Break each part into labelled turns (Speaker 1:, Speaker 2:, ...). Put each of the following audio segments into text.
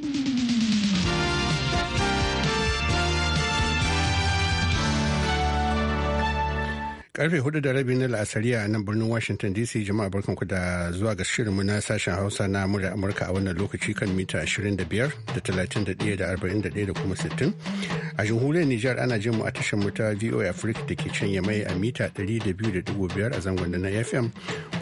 Speaker 1: you
Speaker 2: karfe hudu da rabi na la'asari a nan birnin washington dc jama'a barkanku da zuwa ga shirinmu na sashen hausa na murya amurka a wannan lokaci kan mita 25 da 31 da 41 da kuma 60 a jamhuriyar nijar ana jin mu a tashar mu ta voa africa da ke can yamai a mita 200.5 a zangon da na fm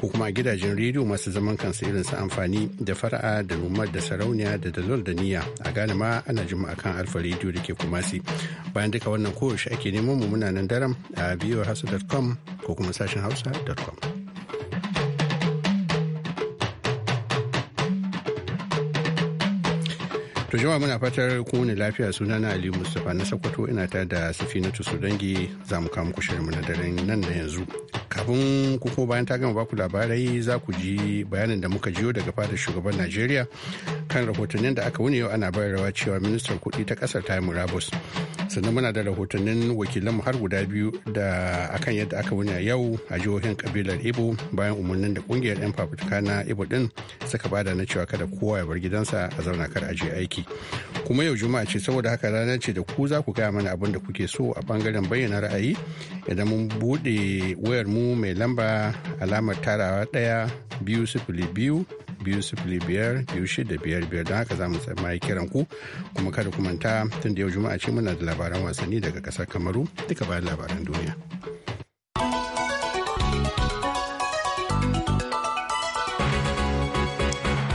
Speaker 2: ko kuma a gidajen rediyo masu zaman kansu irin su amfani da fara'a da numar da sarauniya da dalol da niyya a gane ma ana jin mu kan alfa rediyo da ke kumasi bayan duka wannan koyaushe ake neman mu muna nan daram a voahausa.com ko kuma sashen hausa.com. To jama'a muna fatar kowane lafiya suna na Ali Mustapha na Sokoto ina ta da Safinatu Sudangi za mu kawo muku mu na daren nan na yanzu. kafin kuko bayan ta gama baku labarai za ku ji bayanin da muka jiyo daga fadar shugaban najeriya kan rahotannin da aka wuni yau ana rawa cewa ministan kuɗi ta kasar ta yi murabus sannan muna da rahotannin mu har guda biyu da akan yadda aka wuni yau a jihohin kabilar ibo bayan umarnin da kungiyar 'yan fafutuka na ibo din suka bada na cewa kada kowa ya bar gidansa a zauna kar a je aiki kuma yau juma'a ce saboda haka rana ce da ku za ku gaya mana abin da kuke so a bangaren bayyana ra'ayi idan mun buɗe wayar mu mai lamba alamar tarawa ɗaya biyu sifili biyu biyu sifili biyar biyu shida biyar biyar don haka za mu tsammaye kiran ku kuma kada ku manta tun da yau juma'a ce muna da labaran wasanni daga kasar kamaru duka bayan labaran duniya.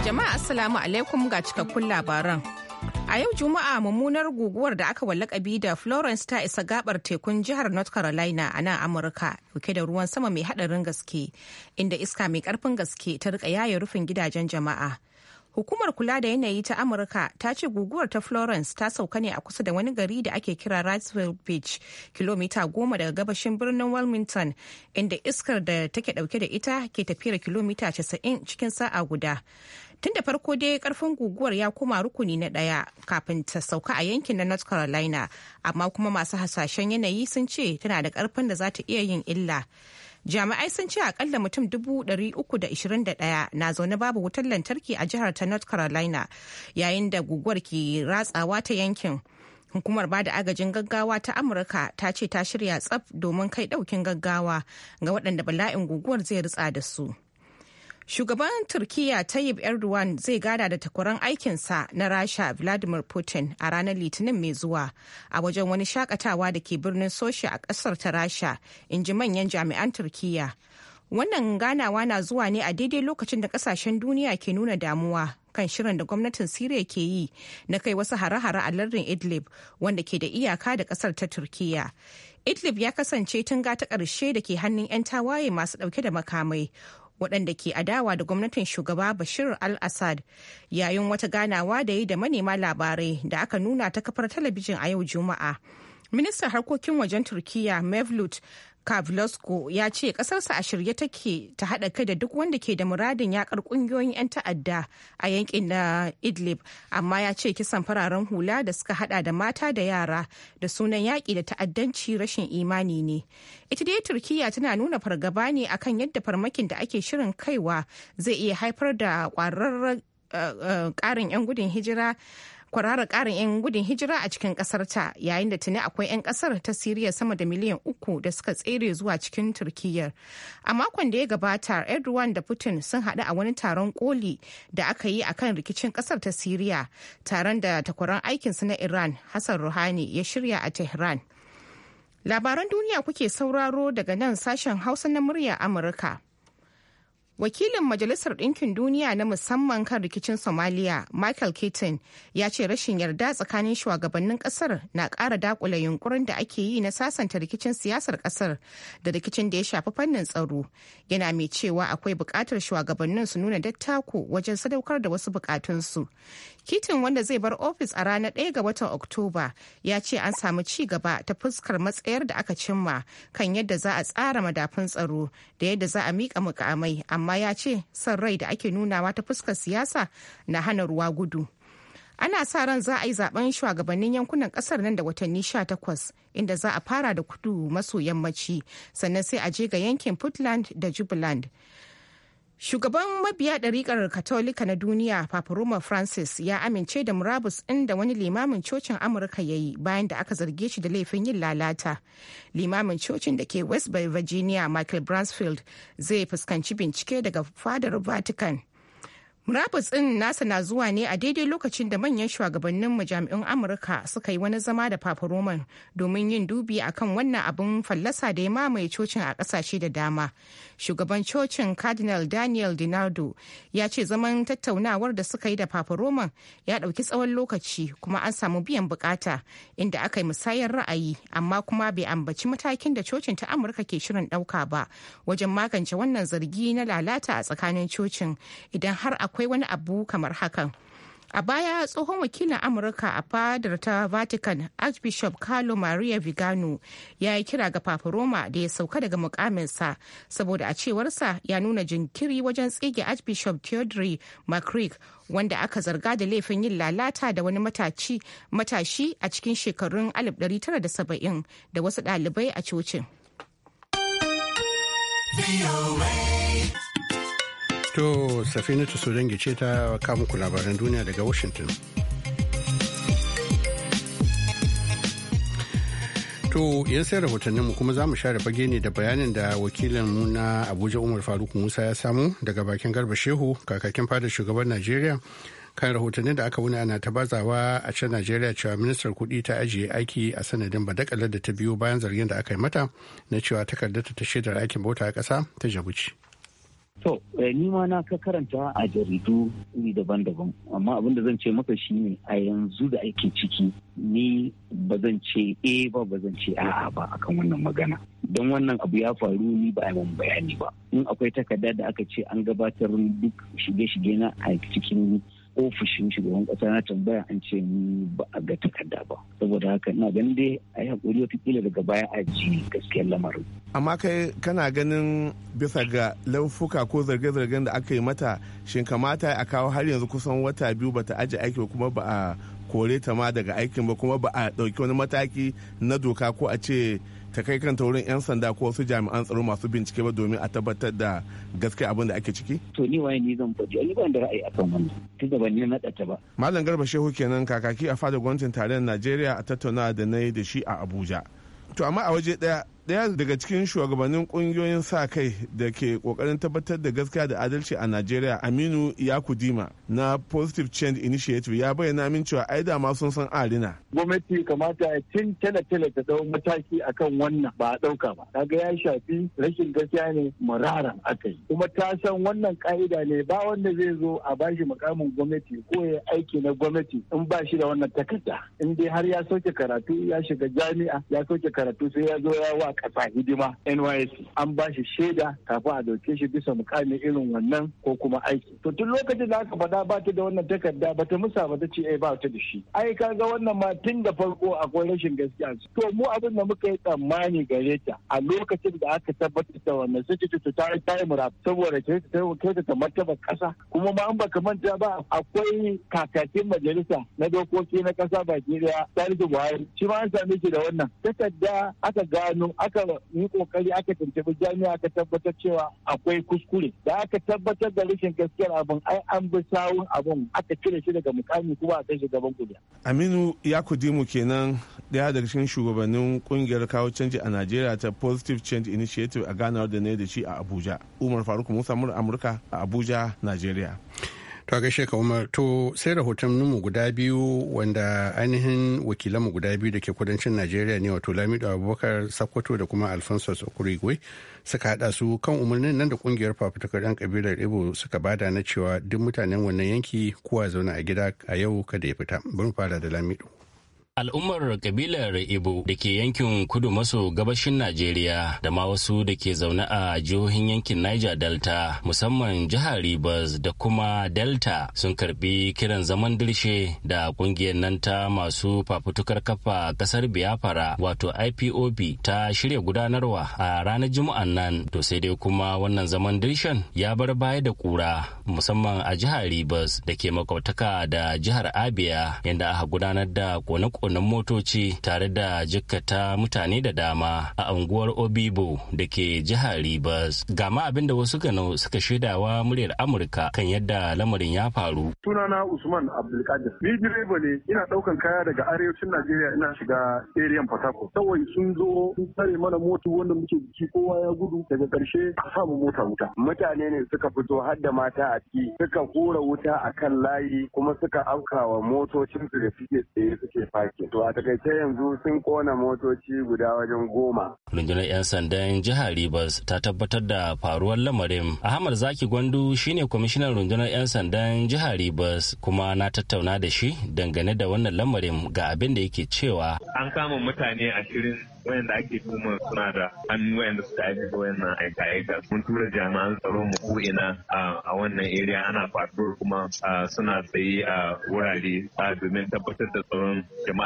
Speaker 3: Jama'a Assalamu alaikum ga cikakkun labaran. A yau Juma'a mummunar guguwar da aka wallaka wallakabi da Florence ta isa gabar tekun jihar North Carolina a nan Amurka dauke da ruwan sama mai hadarin gaske inda iska mai karfin gaske ta rika yaye rufin gidajen jama'a. Hukumar kula da yanayi ta Amurka ta ce guguwar ta Florence ta sauka ne a kusa da wani gari da ake kira Wrightsville Beach, kilomita goma daga gabashin birnin Wilmington, inda iskar da take dauke da ita ke tafiyar kilomita 90 cikin sa'a guda. tun da farko dai karfin guguwar ya koma rukuni na daya kafin ta sauka a yankin na north carolina amma kuma masu hasashen yanayi sun ce tana da karfin da za ta iya yin illa jami'ai sun ce akalla mutum 321 na zaune babu wutar lantarki a jihar ta north carolina yayin da guguwar ke ratsawa ta yankin hukumar bada agajin gaggawa ta amurka ta ce ta shirya tsaf domin kai daukin gaggawa ga waɗanda bala'in guguwar zai ritsa da su Shugaban Turkiyya Tayyip Erdogan zai gada da takwaran aikinsa na Rasha Vladimir Putin a ranar Litinin mai zuwa a wajen wani shakatawa da ke birnin Soshi a ƙasar ta Rasha, in ji manyan jami'an Turkiyya. Wannan ganawa na zuwa ne a daidai lokacin da ƙasashen duniya ke nuna damuwa kan shirin da gwamnatin Siriya ke yi na kai wasu hare-hare a lardin Idlib wanda ke da iyaka da ƙasar ta Turkiyya. Idlib ya kasance tun ga ta ƙarshe da ke hannun 'yan tawaye masu ɗauke da makamai waɗanda ke adawa da gwamnatin shugaba bashir al-assad yayin wata ganawa da yi da manema labarai da aka nuna ta kafar talabijin a yau juma'a ministan harkokin wajen Turkiyya mevlut Kavlosko ya ce kasarsa a shirye take ta haɗa kai da duk wanda ke da muradin yakar ƙungiyoyin 'yan ta'adda a yankin na Idlib, amma ya ce kisan fararen hula da suka haɗa da mata da yara da sunan yaƙi da ta'addanci rashin imani ne. Ita dai Turkiyya tana nuna fargaba ne akan yadda farmakin da ake shirin kaiwa zai iya haifar da eh, eh, ƙarin 'yan gudun hijira kwarara karin 'yan gudun hijira a cikin kasar ta yayin da tuni akwai 'yan kasar ta siriya sama da miliyan uku da suka tsere zuwa cikin turkiyyar a makon da ya gabata erdogan da putin sun haɗu a wani taron koli da aka yi akan rikicin kasar ta siriya taron da takwaran aikinsu na iran hassan ruhani ya shirya a tehran labaran duniya kuke sauraro daga nan sashen hausa na murya amurka Wakilin Majalisar Ɗinkin Duniya na musamman kan rikicin Somalia, Michael Keaton, ya ce rashin yarda tsakanin shugabannin ƙasar na ƙara dakula yunkurin da ake yi na sasanta rikicin siyasar ƙasar da rikicin da ya shafi fannin tsaro. Yana mai cewa akwai buƙatar shugabannin su nuna dattako wajen sadaukar da wasu buƙatunsu. Kitin wanda zai bar ofis a ranar 1 ga watan Oktoba ya ce an samu ci gaba ta fuskar matsayar da aka cimma kan yadda za a tsara madafun tsaro da yadda za a mika mukamai amma ya ce son rai da ake nunawa ta fuskar siyasa na hana ruwa gudu. ana sa ran za a yi zaben shugabannin yankunan kasar nan da watanni 18 inda za a fara da kudu maso yammaci sannan sai a je ga yankin puntland da jubaland Shugaban mabiya ɗariƙar Katolika na duniya Papa Roma Francis ya amince da murabus ɗin da wani limamin cocin Amurka ya yi bayan da aka zarge shi da laifin yin lalata. Limamin cocin da ke West Virginia Michael Bransfield zai fuskanci bincike daga fadar Vatican Murabus nasa na zuwa ne a daidai lokacin da manyan shugabannin majami'un Amurka suka yi wani zama da Papa Roman domin yin dubi akan wannan abin fallasa da ya mamaye cocin a ƙasashe da dama. Shugaban cocin Cardinal Daniel Dinardo ya ce zaman tattaunawar da suka yi da Papa Roman ya ɗauki tsawon lokaci kuma an samu biyan bukata inda aka yi musayar ra'ayi amma kuma bai ambaci matakin da cocin ta Amurka ke shirin ɗauka ba wajen magance wannan zargi na lalata a tsakanin cocin idan har akwai akwai wani abu kamar hakan a baya tsohon wakilin amurka a fadar ta vatican archbishop carlo maria vigano ya yi kira ga papa roma da ya sauka daga mukaminsa saboda a cewarsa ya nuna jinkiri wajen tsige archbishop theodore mccreek wanda aka zarga da laifin yin lalata da wani matashi, matashi a cikin shekarun 1970 da wasu ɗalibai a cocin.
Speaker 2: To, Safinatu Sodangi ce ta muku labaran duniya daga Washington. To, ya sai mu kuma za mu share fage ne da bayanin da wakilin mu na Abuja Umar Faruk Musa ya samu daga bakin Garba Shehu, kakakin fadar shugaban Najeriya. kan rahotannin da aka wuni ana ta bazawa a can najeriya cewa ministar kudi ta ajiye aiki a sanadin badakalar da ta biyo bayan zargin da aka yi mata na cewa takardar ta shaidar aikin bauta a ƙasa ta jabuci
Speaker 4: To, eh, ni ma na ka karanta a jaridu iri daban-daban, amma abin da zan ce maka shi ne a yanzu da aikin ciki ni ba zan ce e ba ba zan ce a'a ba akan wannan magana. Don wannan abu ya faru ni ba a yi bayani ba. In akwai takarda da aka ce an gabatar duk shige-shige na a cikin ofishin shugaban kasa na tambaya an ce ni ba a ga takarda ba saboda haka ina ganin dai a yi hakuri watakila daga baya a ji gaskiyar lamarin
Speaker 5: amma kai kana ganin bisa ga laufuka ko zarge-zargen da aka yi mata shin kamata a kawo har yanzu kusan wata biyu ba ta aji aiki ba kuma ba a kore ta ma daga aikin ba kuma ba a ɗauki wani mataki na doka ko a ce ta kai kanta wurin 'yan sanda ko wasu jami'an tsaro masu bincike ba domin a tabbatar da gaskiya abin da ake ciki?
Speaker 4: To ni waye ni zan faɗi, ni ban da ra'ayi kan wannan, tun da ban ni na ta ba.
Speaker 5: Malam Garba Shehu kenan kakaki a fadar gwamnatin tarayyar Najeriya a tattauna da na yi da shi a Abuja. To amma a waje ɗaya daya daga cikin shugabannin ƙungiyoyin sa kai da ke kokarin tabbatar da gaskiya da adalci a Najeriya Aminu Yakudima na Positive Change Initiative ya bayyana min cewa ai da ma sun san arina.
Speaker 4: Gwamnati kamata cin tele-tele ta dau mataki akan wannan ba a ɗauka ba. Kaga ya shafi rashin gaskiya ne murara aka yi. Kuma ta san wannan ka'ida ne ba wanda zai zo a bashi mukamin gwamnati ko ya aiki na gwamnati in ba shi da wannan takarda. In dai har ya soke karatu ya shiga jami'a ya soke karatu sai ya zo ya wa kasa hidima NYSC an ba shi shaida kafin a dauke shi bisa mukamin irin wannan ko kuma aiki. To tun lokacin da aka faɗa ba ta da wannan takarda ba ta musa ba ta ce eh ba ta da shi. Ai ka ga wannan ma tun da farko akwai rashin gaskiya. To mu abin da muka yi tsammani gare ta a lokacin da aka tabbatar da wannan sai ta ta yi time rap saboda ke ta ta martaba ƙasa kuma ma an baka manta ba akwai kakakin majalisa na dokoki na ƙasa baki daya Salisu Buhari shi ma an same shi da wannan takarda aka gano aka yi kokari aka tuntubi jami'a aka tabbatar cewa akwai kuskure da aka tabbatar da rashin gaskiyar abin ai an bi sawun abin aka cire shi daga mukami kuma a kai shi gaban kuliya.
Speaker 5: Aminu ya kudimu kenan daya daga cikin shugabannin kungiyar kawo canji a Najeriya ta Positive Change Initiative a ganawar da ne da shi a Abuja. Umar Faruk Musa mura Amurka a Abuja, Najeriya.
Speaker 2: to gaishe ka umar to sai mu guda biyu wanda ainihin wakilanmu guda biyu da ke kudancin najeriya ne wato lamido abubakar sakkwato da kuma alfonso okurigwe suka hada su kan umarnin nan da kungiyar fafutukar yan kabilar ibo suka bada na cewa duk mutanen wannan yanki kowa zauna a gida a yau kada ya fita bari fara da lamido
Speaker 6: Al'ummar kabilar Ibo da ke yankin kudu maso gabashin Najeriya da ma wasu da ke zaune a jihohin yankin Niger Delta musamman jihar Ribas da kuma Delta sun karbi kiran zaman dirshe da kungiyar nan ta masu fafutukar kafa kasar Biafra wato IPOB ta shirya gudanarwa a ranar Juma'an nan to sai dai kuma wannan zaman dirshen ya bar baya da kura musamman a jihar Ribas da ke makwataka da jihar Abia yadda aka gudanar da kone Wannan motoci tare da jikkata mutane da dama a unguwar obibo da ke jihar ribas gama abin da wasu gano suka shaidawa muryar amurka kan yadda lamarin ya faru
Speaker 7: sunana usman abdulkadir ni direba ne ina daukan kaya daga arewacin najeriya
Speaker 4: ina shiga eriyan fatako kawai sun zo sun tsare mana mota wanda muke jiki kowa ya gudu daga karshe a samu mota wuta
Speaker 7: mutane ne suka fito har da mata a ciki suka hura wuta akan layi kuma suka wa motocin su da suke tsaye suke faki take. To a takaice yanzu sun kona motoci guda
Speaker 6: wajen goma. Rundunar 'yan sandan jihar Rivers ta tabbatar da faruwar lamarin. Ahmad Zaki Gwandu shine kwamishinan rundunar 'yan sandan jihar Rivers kuma na tattauna da shi dangane da wannan lamarin ga abin da yake cewa.
Speaker 7: An kama mutane ashirin wayanda ake tuma suna da hannu wayanda suka aikata wayannan aika-aika mun tura jami'an tsaro mu ko ina a wannan area ana fatur kuma suna tsaye a wurare domin tabbatar da tsaron jama'a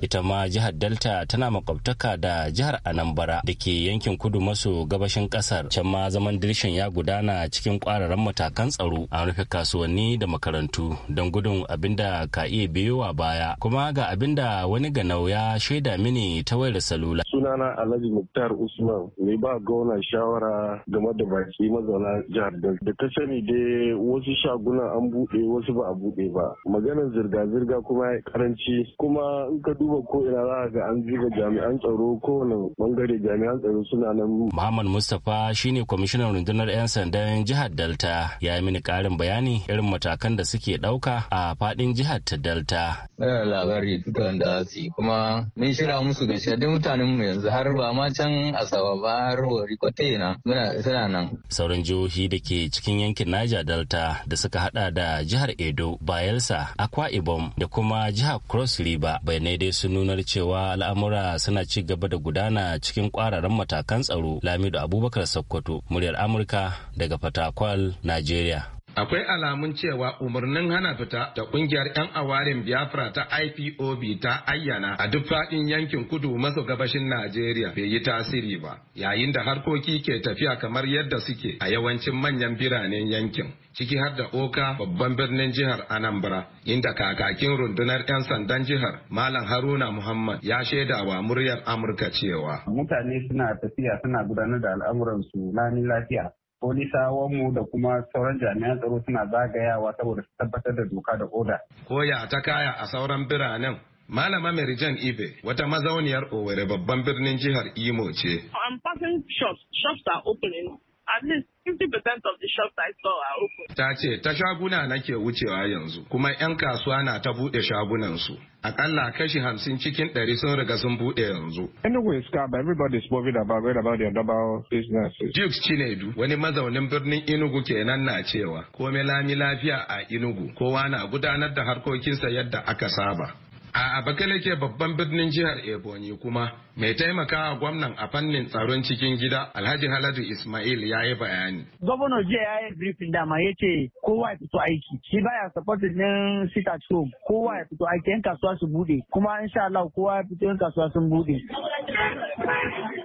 Speaker 6: Ita ma jihar Delta tana makwabtaka da jihar Anambra da ke yankin kudu maso gabashin kasar. Can ma zaman dirshin ya gudana cikin kwararan matakan tsaro an rufe kasuwanni da makarantu don gudun abin ka iya biyo biyowa baya. Kuma ga abin da wani ganau ya shaida mini ta wayar salula.
Speaker 1: Sunana Alhaji Muktar Usman ne ba gauna shawara game da baki mazauna jihar Delta. Da ta sani dai wasu shaguna an buɗe wasu ba a buɗe ba. Maganar zirga-zirga kuma karanci kuma in ka duba ko ina za ga an jiga jami'an
Speaker 6: tsaro kowane bangare jami'an tsaro suna nan. Muhammad Mustapha shine kwamishinan rundunar 'yan sandan jihar Delta ya yi mini karin bayani irin matakan da suke ɗauka a faɗin jihar ta Delta.
Speaker 8: Muna labari tutan da su kuma mun shirya musu gaskiya duk mutanen mu yanzu har ba ma can Asaba ba har Wari na
Speaker 6: muna suna nan. Sauran jihohi da ke cikin yankin Niger Delta da suka hada da jihar Edo, Bayelsa, Akwa Ibom da kuma jihar Cross ba bayanai dai su nunar cewa al'amura suna ci gaba da gudana cikin kwararan matakan tsaro lamido abubakar sokoto muryar amurka daga fatakwal najeriya
Speaker 8: akwai alamun cewa umarnin hana fita da kungiyar 'yan awarin biafra ta ipob ta ayyana a duk faɗin yankin kudu maso gabashin najeriya bai yi tasiri ba yayin da harkoki ke tafiya kamar yadda suke a yawancin manyan biranen yankin ciki har da oka babban birnin jihar anambra inda kakakin rundunar 'yan sandan jihar malam haruna muhammad ya shaida wa muryar amurka cewa
Speaker 1: mutane suna tafiya suna gudanar da al'amuransu na lafiya
Speaker 4: mu da kuma sauran jami'an tsaro suna zagayawa saboda su tabbatar da doka da oda.
Speaker 8: Koya ta kaya a sauran biranen. Malama Merijan Ibe wata mazauniyar Owerri babban birnin jihar Imo ce.
Speaker 7: On passing shops, shops are opening. at least 50%
Speaker 4: of the shops I saw are open.
Speaker 8: Ta ce ta shaguna nake wucewa yanzu kuma 'yan kasuwa na ta buɗe shagunansu. Akalla kashi hamsin cikin ɗari sun riga sun buɗe yanzu. Anyway, Scab, is worried about worried about their double businesses. Jukes Chinedu, wani mazaunin birnin inugu kenan na cewa, kome lami lafiya a inugu, kowa na gudanar da harkokinsa yadda aka saba. A Abakalake babban birnin jihar Ebonyi kuma Mai taimakawa gwamnan a fannin tsaron cikin gida Alhaji Haladu Ismail ya yi bayani.
Speaker 4: Gwamnan jiya ya yi briefing dama ya ce kowa ya fito aiki. Shi baya supporting din sit at home. Kowa ya fito aiki yan kasuwa su bude. Kuma insha Allah kowa ya fito yan kasuwa sun bude.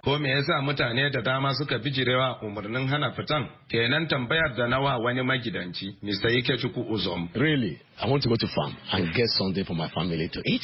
Speaker 8: Ko me yasa mutane da dama suka bijirewa umarnin hana fitan? Kenan tambayar da nawa wani magidanci, Mr. Ikechukwu Uzom. Really, I want to go to farm and get something for my family to eat.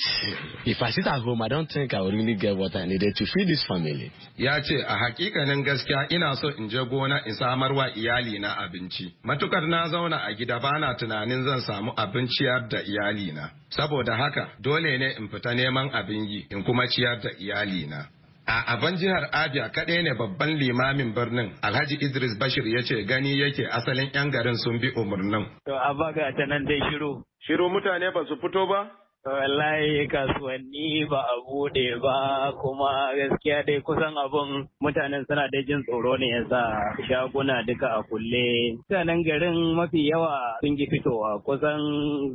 Speaker 8: If I sit at home, I don't think I will really get what I need. needed to feed his family. Ya ce a hakikanin gaskiya ina so in je gona in samar wa iyali na abinci. Matukar na zauna a gida bana tunanin zan samu abin ciyar da iyali na. Saboda haka dole ne in fita neman abin yi in kuma ciyar da iyali na. A aban jihar Abia kaɗai ne babban limamin birnin Alhaji Idris Bashir ya ce gani yake asalin 'yan garin sun bi umarnin. To, a baga ta nan dai shiru. Shiru mutane ba
Speaker 6: su fito ba? wallahi kasuwanni ba a bude ba kuma gaskiya dai kusan abun mutanen suna da jin tsoro ne ya yasa shaguna duka a kulle mutanen garin mafi yawa sun ji fitowa kusan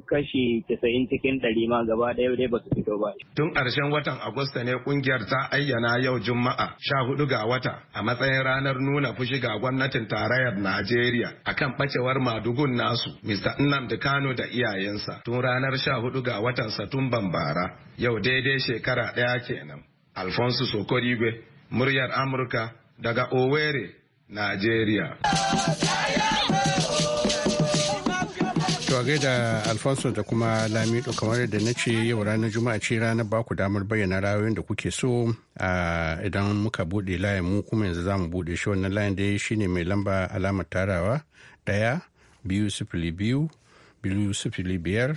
Speaker 6: kashi casa'in cikin ɗari ma gaba ɗaya dai ba su fito ba
Speaker 8: tun ƙarshen watan agusta ne ƙungiyar ta ayyana yau juma'a sha hudu ga wata a matsayin ranar nuna fushi ga gwamnatin tarayyar najeriya akan ɓacewar madugun nasu mr nnamdi kano da iyayensa tun ranar sha hudu ga watan Satumban bara, yau daidai shekara ɗaya kenan. Alfonso Sokoribe, muryar Amurka daga Owerri, Najeriya.
Speaker 2: gaida alfonso da kuma lamido kamar yadda na ce yau ranar juma'a ce ranar ba ku damar bayyana rayoyin da kuke so idan muka bude layin mu kuma yanzu za mu bude shi wannan layin da shine mai lamba alamar tarawa ɗaya biyu sifili biyu biyu sifili biyar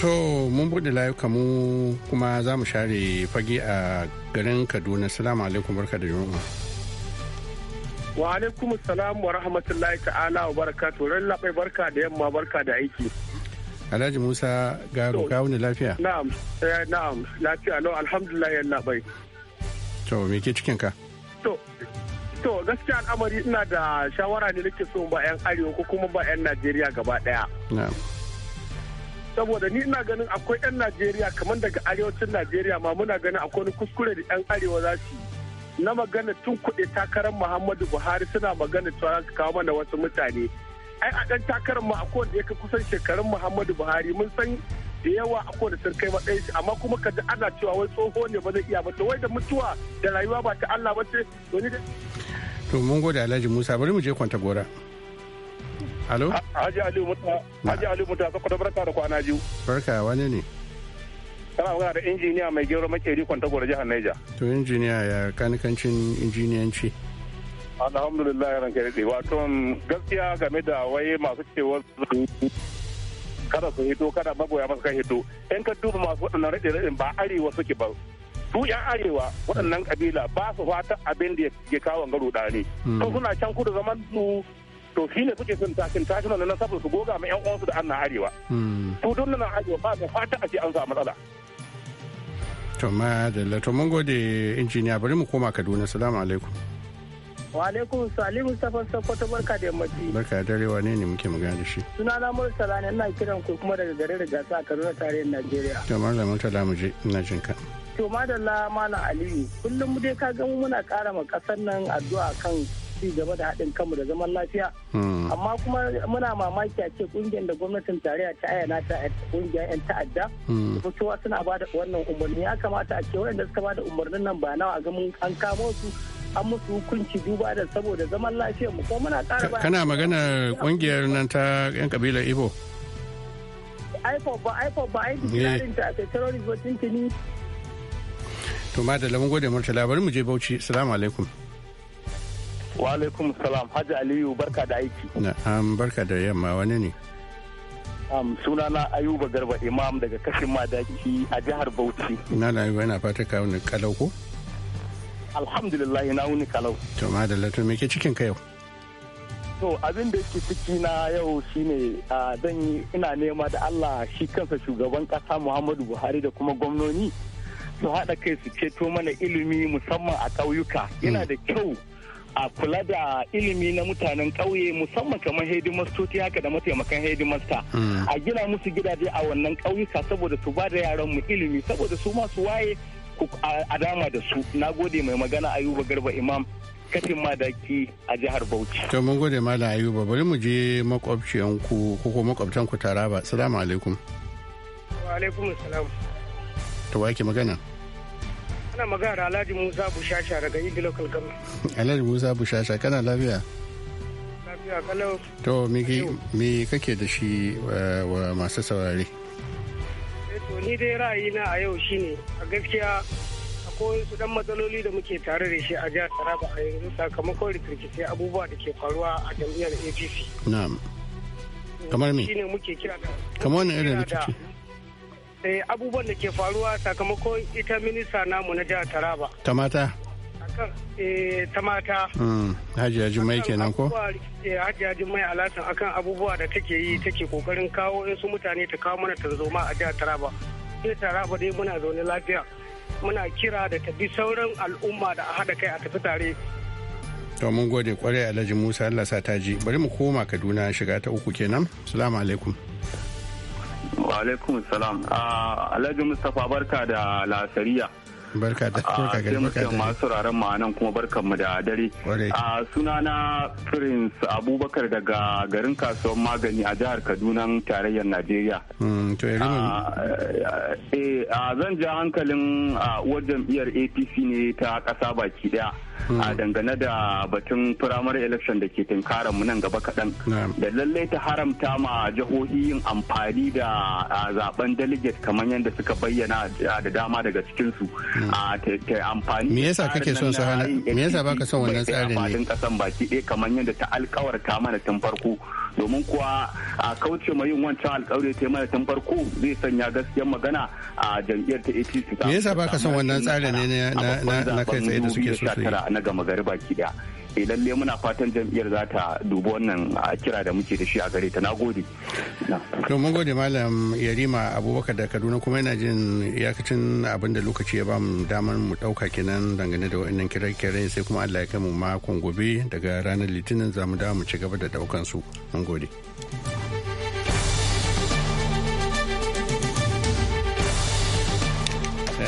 Speaker 2: To mun buɗe layuka mu kuma za mu share fage a garin Kaduna. Salamu alaikum barka da yamma.
Speaker 7: Wa alaikum salam wa rahmatullahi ta'ala wa barka to ran labai barka da yamma barka da aiki.
Speaker 2: Alhaji Musa ga ka wuni lafiya?
Speaker 7: Na'am, eh, na'am, lafiya lau alhamdulillah yan labai.
Speaker 2: To me ke cikin ka?
Speaker 7: To to gaskiya al'amari ina da shawara ne nake so ba 'yan arewa ko kuma ba 'yan Najeriya gaba daya. Na'am. saboda ni ina ganin akwai 'yan najeriya kamar daga arewacin najeriya ma muna ganin akwai wani kuskure da 'yan arewa za su yi na magana tun kuɗe takarar muhammadu buhari suna magana cewa su kawo mana wasu mutane ai a ɗan takarar ma akwai wanda ya kai kusan shekarun muhammadu buhari mun san da yawa akwai da sun kai matsayin shi amma kuma ka ana cewa wai tsoho ne ba zai iya ba wai da mutuwa da rayuwa ba ta allah ba ce
Speaker 2: to mun gode alhaji musa bari mu je kwanta gora.
Speaker 7: Alo? Haji Aliyu Muta, Haji Aliyu Muta, Sokoto barka da kwana biyu.
Speaker 2: Barka wani ne?
Speaker 7: Kana magana da injiniya mai gero makeri gore jihar Neja.
Speaker 2: To injiniya ya kanikancin injiniyanci.
Speaker 7: Alhamdulillah ya ranke daɗe. Wato gaskiya game da waye masu cewa kada su hito kada magoya masu kan hito. In ka duba masu waɗannan raɗe raɗin ba arewa suke ba. Su 'yan arewa waɗannan kabila ba su fata abin da ya kawo garo ɗani. Hmm. To suna can kudu zaman su to shi ne suke son takin takin nan saboda su goga ma yan uwansu da an na arewa
Speaker 2: to
Speaker 7: don nan arewa ba da fata a ce an samu matsala
Speaker 2: to ma da lato mun gode injiniya bari mu koma Kaduna salamu alaikum
Speaker 7: wa alaikum sali mustapha sokoto barka da yammaci
Speaker 2: barka da dare wane ne muke magana da shi
Speaker 7: suna na murtala ne ina kiran ku kuma daga garin gasa a kaduna tarihin najeriya
Speaker 2: to malam murtala mu je ina jin ka
Speaker 7: to madalla malam aliyu kullum dai ka ga muna kara ma kasar nan addu'a kan ci gaba da haɗin kanmu da zaman lafiya hmm. amma kuma muna mamaki a ce kungiyar da gwamnatin tarayya ta ayyana ta kungiyar 'yan ta'adda hmm. fitowa suna ba da wannan umarni ya kamata a ce waɗanda suka ba da umarnin nan ba nawa ga mun an kamo su an musu hukunci duba da saboda zaman lafiyar mu ko muna ƙara ba kana magana
Speaker 2: kungiyar nan ta 'yan kabilar ibo
Speaker 7: iPod ba iPod ba ai declaring eh. ta ta terrorism tuntuni
Speaker 2: to madalla mun gode murtala bari mu je Bauchi
Speaker 7: wa alaikum salam hajji aliyu barka da aiki
Speaker 2: na'am barka da yamma wani ne
Speaker 7: um, sunana ayuba garba imam daga kashin madaki a jihar bauchi
Speaker 2: na na ayuba yana fata kawo ni kalau ko
Speaker 7: alhamdulillah na wuni kalau
Speaker 2: to madalla to me ke cikin ka yau
Speaker 7: to abin da yake ciki na yau shine zan yi ina nema da allah shi kansa shugaban kasa muhammadu buhari da kuma gwamnoni su haɗa kai su ceto mana ilimi musamman a ƙauyuka yana mm. da kyau a kula da ilimi na mutanen ƙauye musamman kamar hedimastoci haka da mataimakan hedimasta hmm. a gina musu gidaje a wannan ƙauyuka saboda su ba da yaran mu ilimi saboda su masu waye a dama da su na gode mai magana ayuba garba imam katin madaki a jihar bauchi
Speaker 2: to mun gode malam ayuba bari mu je makwabciyanku ko ko makwabtanku taraba salamu alaikum
Speaker 1: wa alaikum assalam
Speaker 2: to wa magana
Speaker 1: Ana magana Alhaji Musa Bushasha daga Idi Local Government.
Speaker 2: Alhaji Musa Bushasha kana lafiya?
Speaker 1: Lafiya kalau.
Speaker 2: To me kake da shi eh, wa masu saurare? Eh,
Speaker 1: to ni dai ra'ayi na a yau shine a gaskiya akwai su dan matsaloli da muke tare da shi a jihar Taraba a yanzu sakamakon rikirkice abubuwa da ke faruwa a jam'iyyar APC.
Speaker 2: Na'am. Kamar me? Shine
Speaker 1: muke kira da.
Speaker 2: Kamar wannan irin rikici?
Speaker 1: Eh, abubuwan da ke faruwa sakamakon ita minista namu na jihar Taraba. Ta mata. Eh, ta mata.
Speaker 2: Hmm, mai kenan ko?
Speaker 1: Eh, hajji mai alatan akan abubuwa da take yi hmm. take kokarin kawo in su mutane ta kawo mana tarzoma a jihar Taraba. sai Taraba dai muna zaune lafiya. Muna kira da ta bi sauran al'umma da a haɗa kai a tafi tare.
Speaker 2: To mun gode kwarai Alhaji Musa Allah sa ta ji. Bari mu koma Kaduna shiga ta uku kenan. Salamu alaikum.
Speaker 7: alaikum salam. Ah, Alhaji Mustapha barka da lasariya.
Speaker 2: barka da ah, barka da
Speaker 7: masu raren ma'anan kuma barkanmu da dare a ah, sunana prince abubakar daga garin kasuwar magani a jihar kaduna tarayyar najeriya hmm, a eh, zan ja hankalin uwar jam'iyyar apc ne ta ƙasa baki daya Hmm. a dangane da batun primary election da ke tunkarar mu nan gaba kaɗan da lallai ta haramta ma jihohi yin amfani da zaben delegate kamar yadda suka bayyana da dama daga cikinsu hmm. a amfani
Speaker 2: me yasa kake son su hana me yasa baka son wannan tsarin
Speaker 7: ne kasan baki ɗaya kamar yadda ta alkawarta mana tun farko domin kuwa a kauce mai yin wancan alkawari ta mana tun farko zai sanya gaskiyar magana a jam'iyyar ta APC. Me yasa baka son wannan
Speaker 2: tsarin ne na kai tsaye da suke so na
Speaker 7: gama gari baki daya. Eh, lalle muna fatan jam'iyyar za ta dubi wannan a ah, kira da muke da shi a gare ta na gode
Speaker 2: to mun gode malam yarima abubakar da kaduna kuma yana jin iyakacin abin da lokaci ya ba mu damar mu dauka kenan dangane da wa'annan kire-kire sai kuma allah ya kai mu makon gobe daga ranar litinin za mu dawo mu ci gaba da daukan su mun gode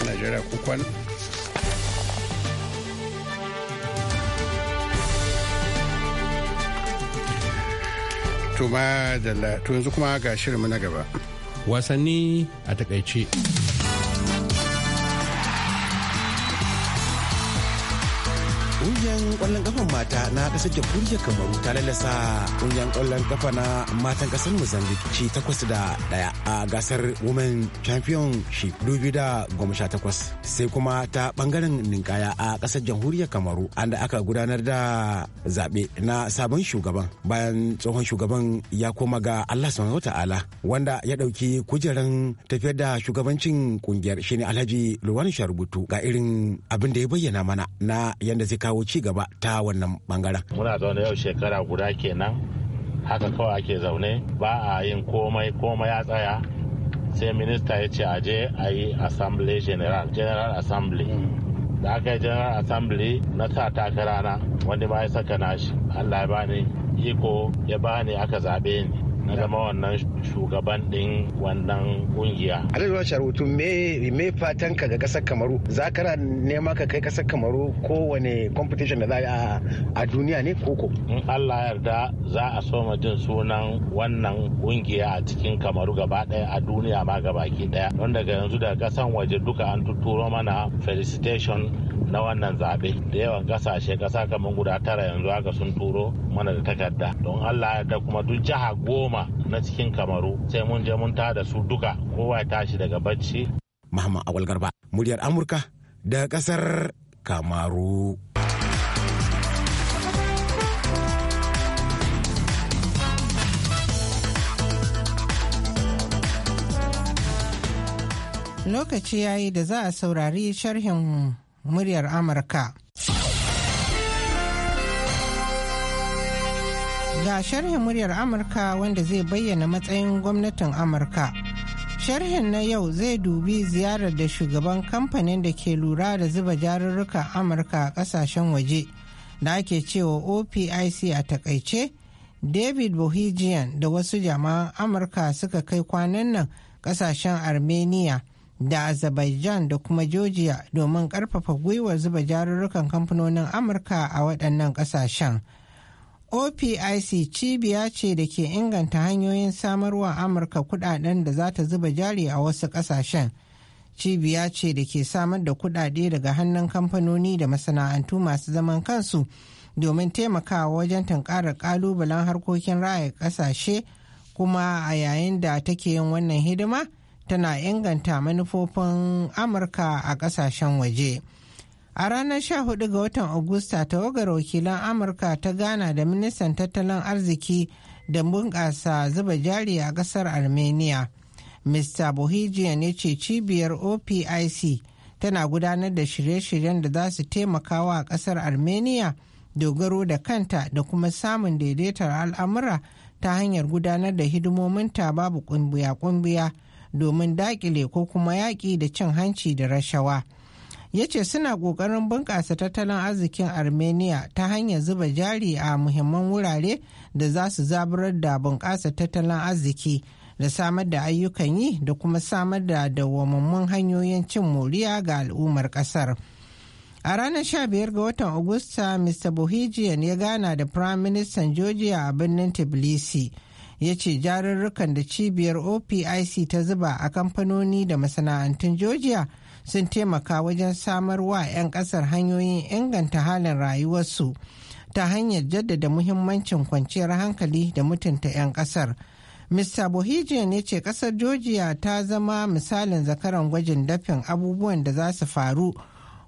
Speaker 2: Najeriya ko kwan To ma da to yanzu kuma ga shirinmu na gaba. Wasanni a takaice. kwallon kafa mata na kasar jamhuriyar kamaru ta
Speaker 1: lalasa kungiyar kwallon kafa na matan kasar mozambique ci takwas da daya a gasar women championship takwas sai kuma ta bangaren ninkaya a kasar jamhuriyar kamaru an da aka gudanar da zaɓe na sabon shugaban bayan tsohon shugaban ya koma ga allah subhanahu ta'ala wanda ya ɗauki kujerar tafiyar da shugabancin kungiyar shine alhaji luwan sharbutu ga irin abin da ya bayyana mana na yadda zai kawo ci gaba ta wannan bangaren. Muna zaune yau
Speaker 6: shekara guda kenan haka kawai ake zaune ba a yin komai komai ya tsaya sai minista ya ce aje a yi assembly general general assembly da aka yi general assembly na sa takara na wanda ba ya saka nashi allah ya bani iko ya bani aka zaɓe ni na zama wannan shugaban din wannan kungiya.
Speaker 1: Alhaji Sharutu me me fatan ka ga kasar Kamaru za ka nema ka kai kasar Kamaru kowane competition da za a a duniya ne koko.
Speaker 6: In Allah yarda za a so jin sunan wannan kungiya a cikin Kamaru gaba ɗaya a duniya ma gaba ki ɗaya. don daga yanzu da kasan waje duka an tuturo mana felicitation na wannan zaɓe da yawan ƙasashe ƙasa kamar guda tara yanzu aka sun turo mana da takarda don Allah da kuma duk jiha goma goma na cikin kamaru sai mun je mun tada su duka kowa ya tashi daga bacci Muhammad Awal Garba
Speaker 1: muryar Amurka da
Speaker 6: kasar
Speaker 1: Kamaru
Speaker 9: Lokaci yayi da za a saurari sharhin muryar Amurka. ga sharhin muryar amurka wanda zai bayyana matsayin gwamnatin amurka sharhin na yau zai dubi ziyarar da shugaban kamfanin da ke lura da zuba jarurruka amurka a kasashen waje da ake cewa opic a takaice david bohijian da wasu jama'an amurka suka kai kwanan nan kasashen armenia da azerbaijan da kuma georgia domin karfafa gwiwar zuba jarurrukan kamfanonin amurka a waɗannan kasashen. OPIC cibiya ce da ke inganta hanyoyin samarwa Amurka kudaden da za ta zuba jari a wasu kasashen. Cibiya ce da ke samar da kudade daga hannun kamfanoni da masana'antu masu zaman kansu domin taimakawa wajen tunkarar kalubalen harkokin raya kasashe kuma a yayin da take yin wannan hidima tana inganta manufofin Amurka a kasashen waje. A ranar 14 ga watan Agusta, tawagar wakilan Amurka ta gana da ministan tattalin arziki da bunƙasa zuba jari a ƙasar Armenia. Mr. Bohijian ya ce cibiyar OPIC tana gudanar da shirye-shiryen da za su taimaka wa ƙasar Armenia dogaro da kanta da kuma samun daidaitar al'amura ta hanyar gudanar da hidimomin ta babu ƙungiya-ƙungiya domin daƙile ko kuma yaƙi da cin hanci da rashawa. ya ce suna ƙoƙarin bunƙasa tattalin arzikin armenia ta hanyar zuba jari a muhimman wurare da za su zaburar da bunƙasa tattalin arziki da samar da ayyukan yi da kuma samar da dawwamammun hanyoyin cin moriya ga al'ummar ƙasar. A ranar 15 ga watan Agusta, Mr. Bohijian ya gana da Prime Minister Georgia a birnin Tbilisi. Ya ce jarurrukan da cibiyar OPIC ta zuba a kamfanoni da masana'antun Georgia sun taimaka wajen samar wa 'yan kasar hanyoyin inganta halin rayuwarsu ta hanyar jaddada muhimmancin kwanciyar hankali da mutunta 'yan kasar. Mr. Bohijian ne ce ƙasar Georgia ta zama misalin zakaran gwajin dafin abubuwan da za su faru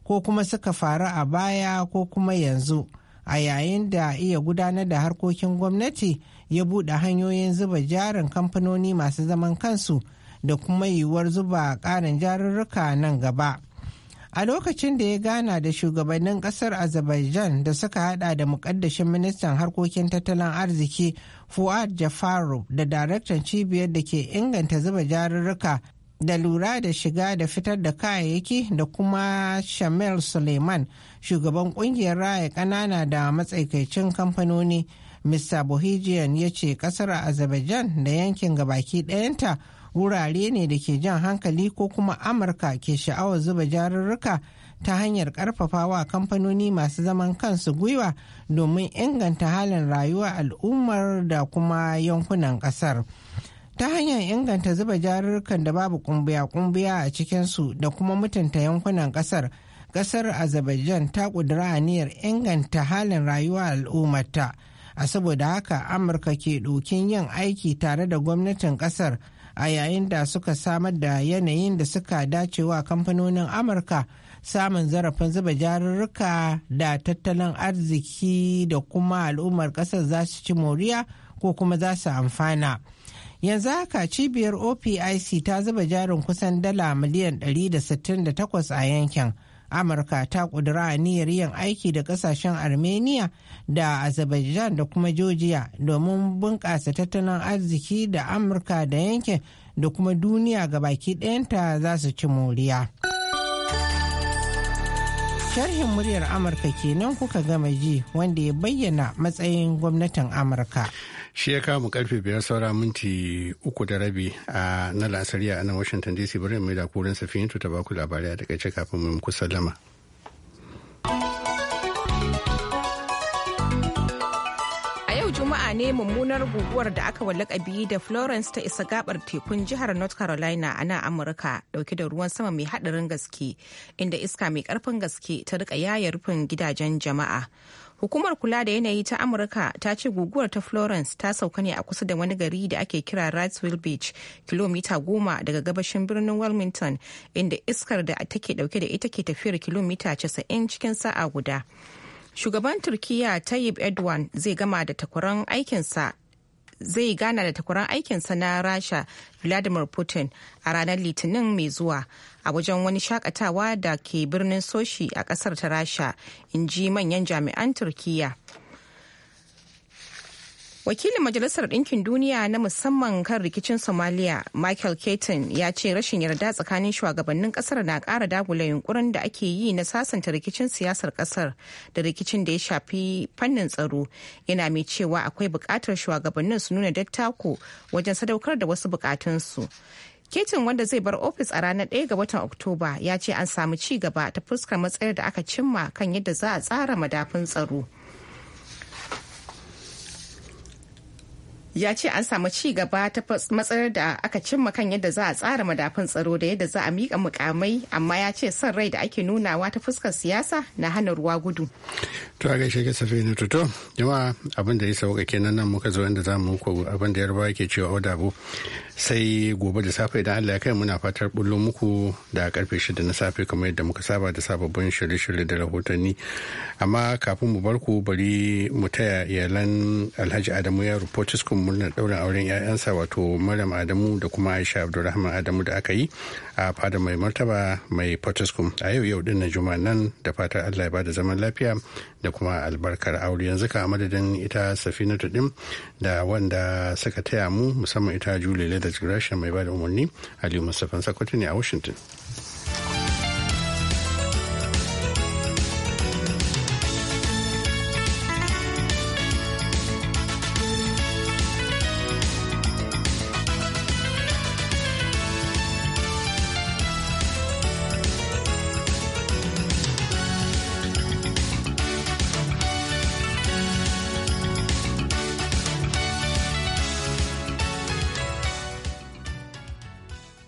Speaker 9: ko kuma suka faru a baya ko kuma yanzu a yayin da iya gudanar da harkokin gwamnati ya buɗe hanyoyin zuba jarin kamfanoni masu zaman kansu da kuma yiwuwar zuba ƙarin jarurruka nan gaba. A lokacin da ya gana da shugabannin ƙasar Azerbaijan da suka hada da mukaddashin ministan harkokin tattalin arziki Fuad Jafaru da daraktan cibiyar da ke inganta zuba jarurruka da lura da shiga da fitar da kayayyaki da kuma Shamil Suleiman shugaban kungiyar raya ƙanana da matsaikacin kamfanoni. Mr. Bohijian ya ce ƙasar Azerbaijan da yankin gabaki ɗayanta. wurare ne da ke jan hankali ko kuma amurka ke sha'awar zuba jarurruka ta hanyar karfafawa kamfanoni masu zaman kansu gwiwa domin inganta halin rayuwa al'ummar da kuma yankunan kasar ta hanyar inganta zuba jarurrukan da babu kumbiya-kumbiya a cikinsu da kuma mutunta yankunan kasar kasar azerbaijan ta kudura aniyar inganta halin rayuwa al'ummarta a saboda haka amurka ke dokin yin aiki tare da gwamnatin kasar a yayin da suka samar da yanayin da suka dacewa kamfanonin amurka samun zarafin zuba jarurruka da tattalin arziki da kuma al'ummar ƙasar za su ci moriya ko kuma za su amfana yanzu haka cibiyar opic ta zuba jarin kusan dala miliyan 168 a yankin. amurka ta kudura aniyar yin aiki da kasashen armenia da azerbaijan da kuma georgia domin bunƙasa tattalin arziki da amurka da yankin da kuma duniya ga baki ɗayanta za su ci moriya sharhin muryar amurka kenan kuka gama ji wanda ya bayyana matsayin gwamnatin amurka
Speaker 2: shi ya kawo karfe biyar saura minti uku da rabi a na lasariya a nan washington dc bari mai da kurin safiyin ta baku labarai a takaice kafin mu muku sallama.
Speaker 3: juma'a ne mummunar guguwar da aka lakabi da florence ta isa gabar tekun jihar north carolina a nan amurka dauke da ruwan sama mai hadarin gaske inda iska mai karfin gaske ta rika yaya rufin gidajen jama'a Hukumar kula da yanayi ta Amurka ta ce guguwar ta Florence ta sauka ne a kusa da wani gari da ake kira Wrightville Beach, kilomita goma daga gabashin birnin Wilmington, inda iskar da take dauke da ita ke tafiyar kilomita 90 cikin sa'a guda. Shugaban Turkiyya Tayyip edwan zai gama da takwaran aikinsa zai gana da takwaran aikinsa na rasha vladimir putin a ranar litinin mai zuwa a wajen wani shakatawa da ke birnin soshi a kasar ta rasha in ji manyan jami'an turkiya wakilin majalisar ɗinkin duniya na musamman kan rikicin somalia michael keaton ya ce rashin yarda tsakanin shugabannin kasar na kara dagula yunkurin da ake yi na sasanta rikicin siyasar kasar da rikicin da ya shafi fannin tsaro yana mai cewa akwai bukatar shugabannin su nuna dattako wajen sadaukar da wasu buƙatunsu Ketin wanda zai bar ofis a ranar 1 ga watan Oktoba ya ce an samu ci gaba ta fuskar matsayar da aka cimma kan yadda za a tsara madafin tsaro. ya ce an samu ci gaba ta matsayar da aka cimma kan yadda za a tsara madafin tsaro da yadda za a miƙa mukamai amma ya ce son rai da ake nunawa ta fuskar siyasa na hana ruwa gudu.
Speaker 2: to a gaishe ga safi na tuto jama'a abin da ya sauka kenan nan muka zo inda za mu muku abin da yarbawa ke cewa oda bu sai gobe da safe idan Allah ya kai muna fatar bullo muku da karfe shida na safe kamar yadda muka saba da sababbin shirye-shirye da rahotanni amma kafin mu bar ku bari mu taya iyalan Alhaji Adamu ya rubuta cikin murnar ɗaurin auren 'ya'yansa wato Maryam Adamu da kuma Aisha Abdulrahman Adamu da aka yi a fada mai martaba mai Potiskum a yau yau din na juma nan da fatar Allah ya bada zaman lafiya da kuma albarkar aure yanzu ka madadin ita Safinatu din da wanda suka taya mu musamman ita Julie Jules Gresham mai bada umarni Aliyu Mustapha Sakwato ne a Washington.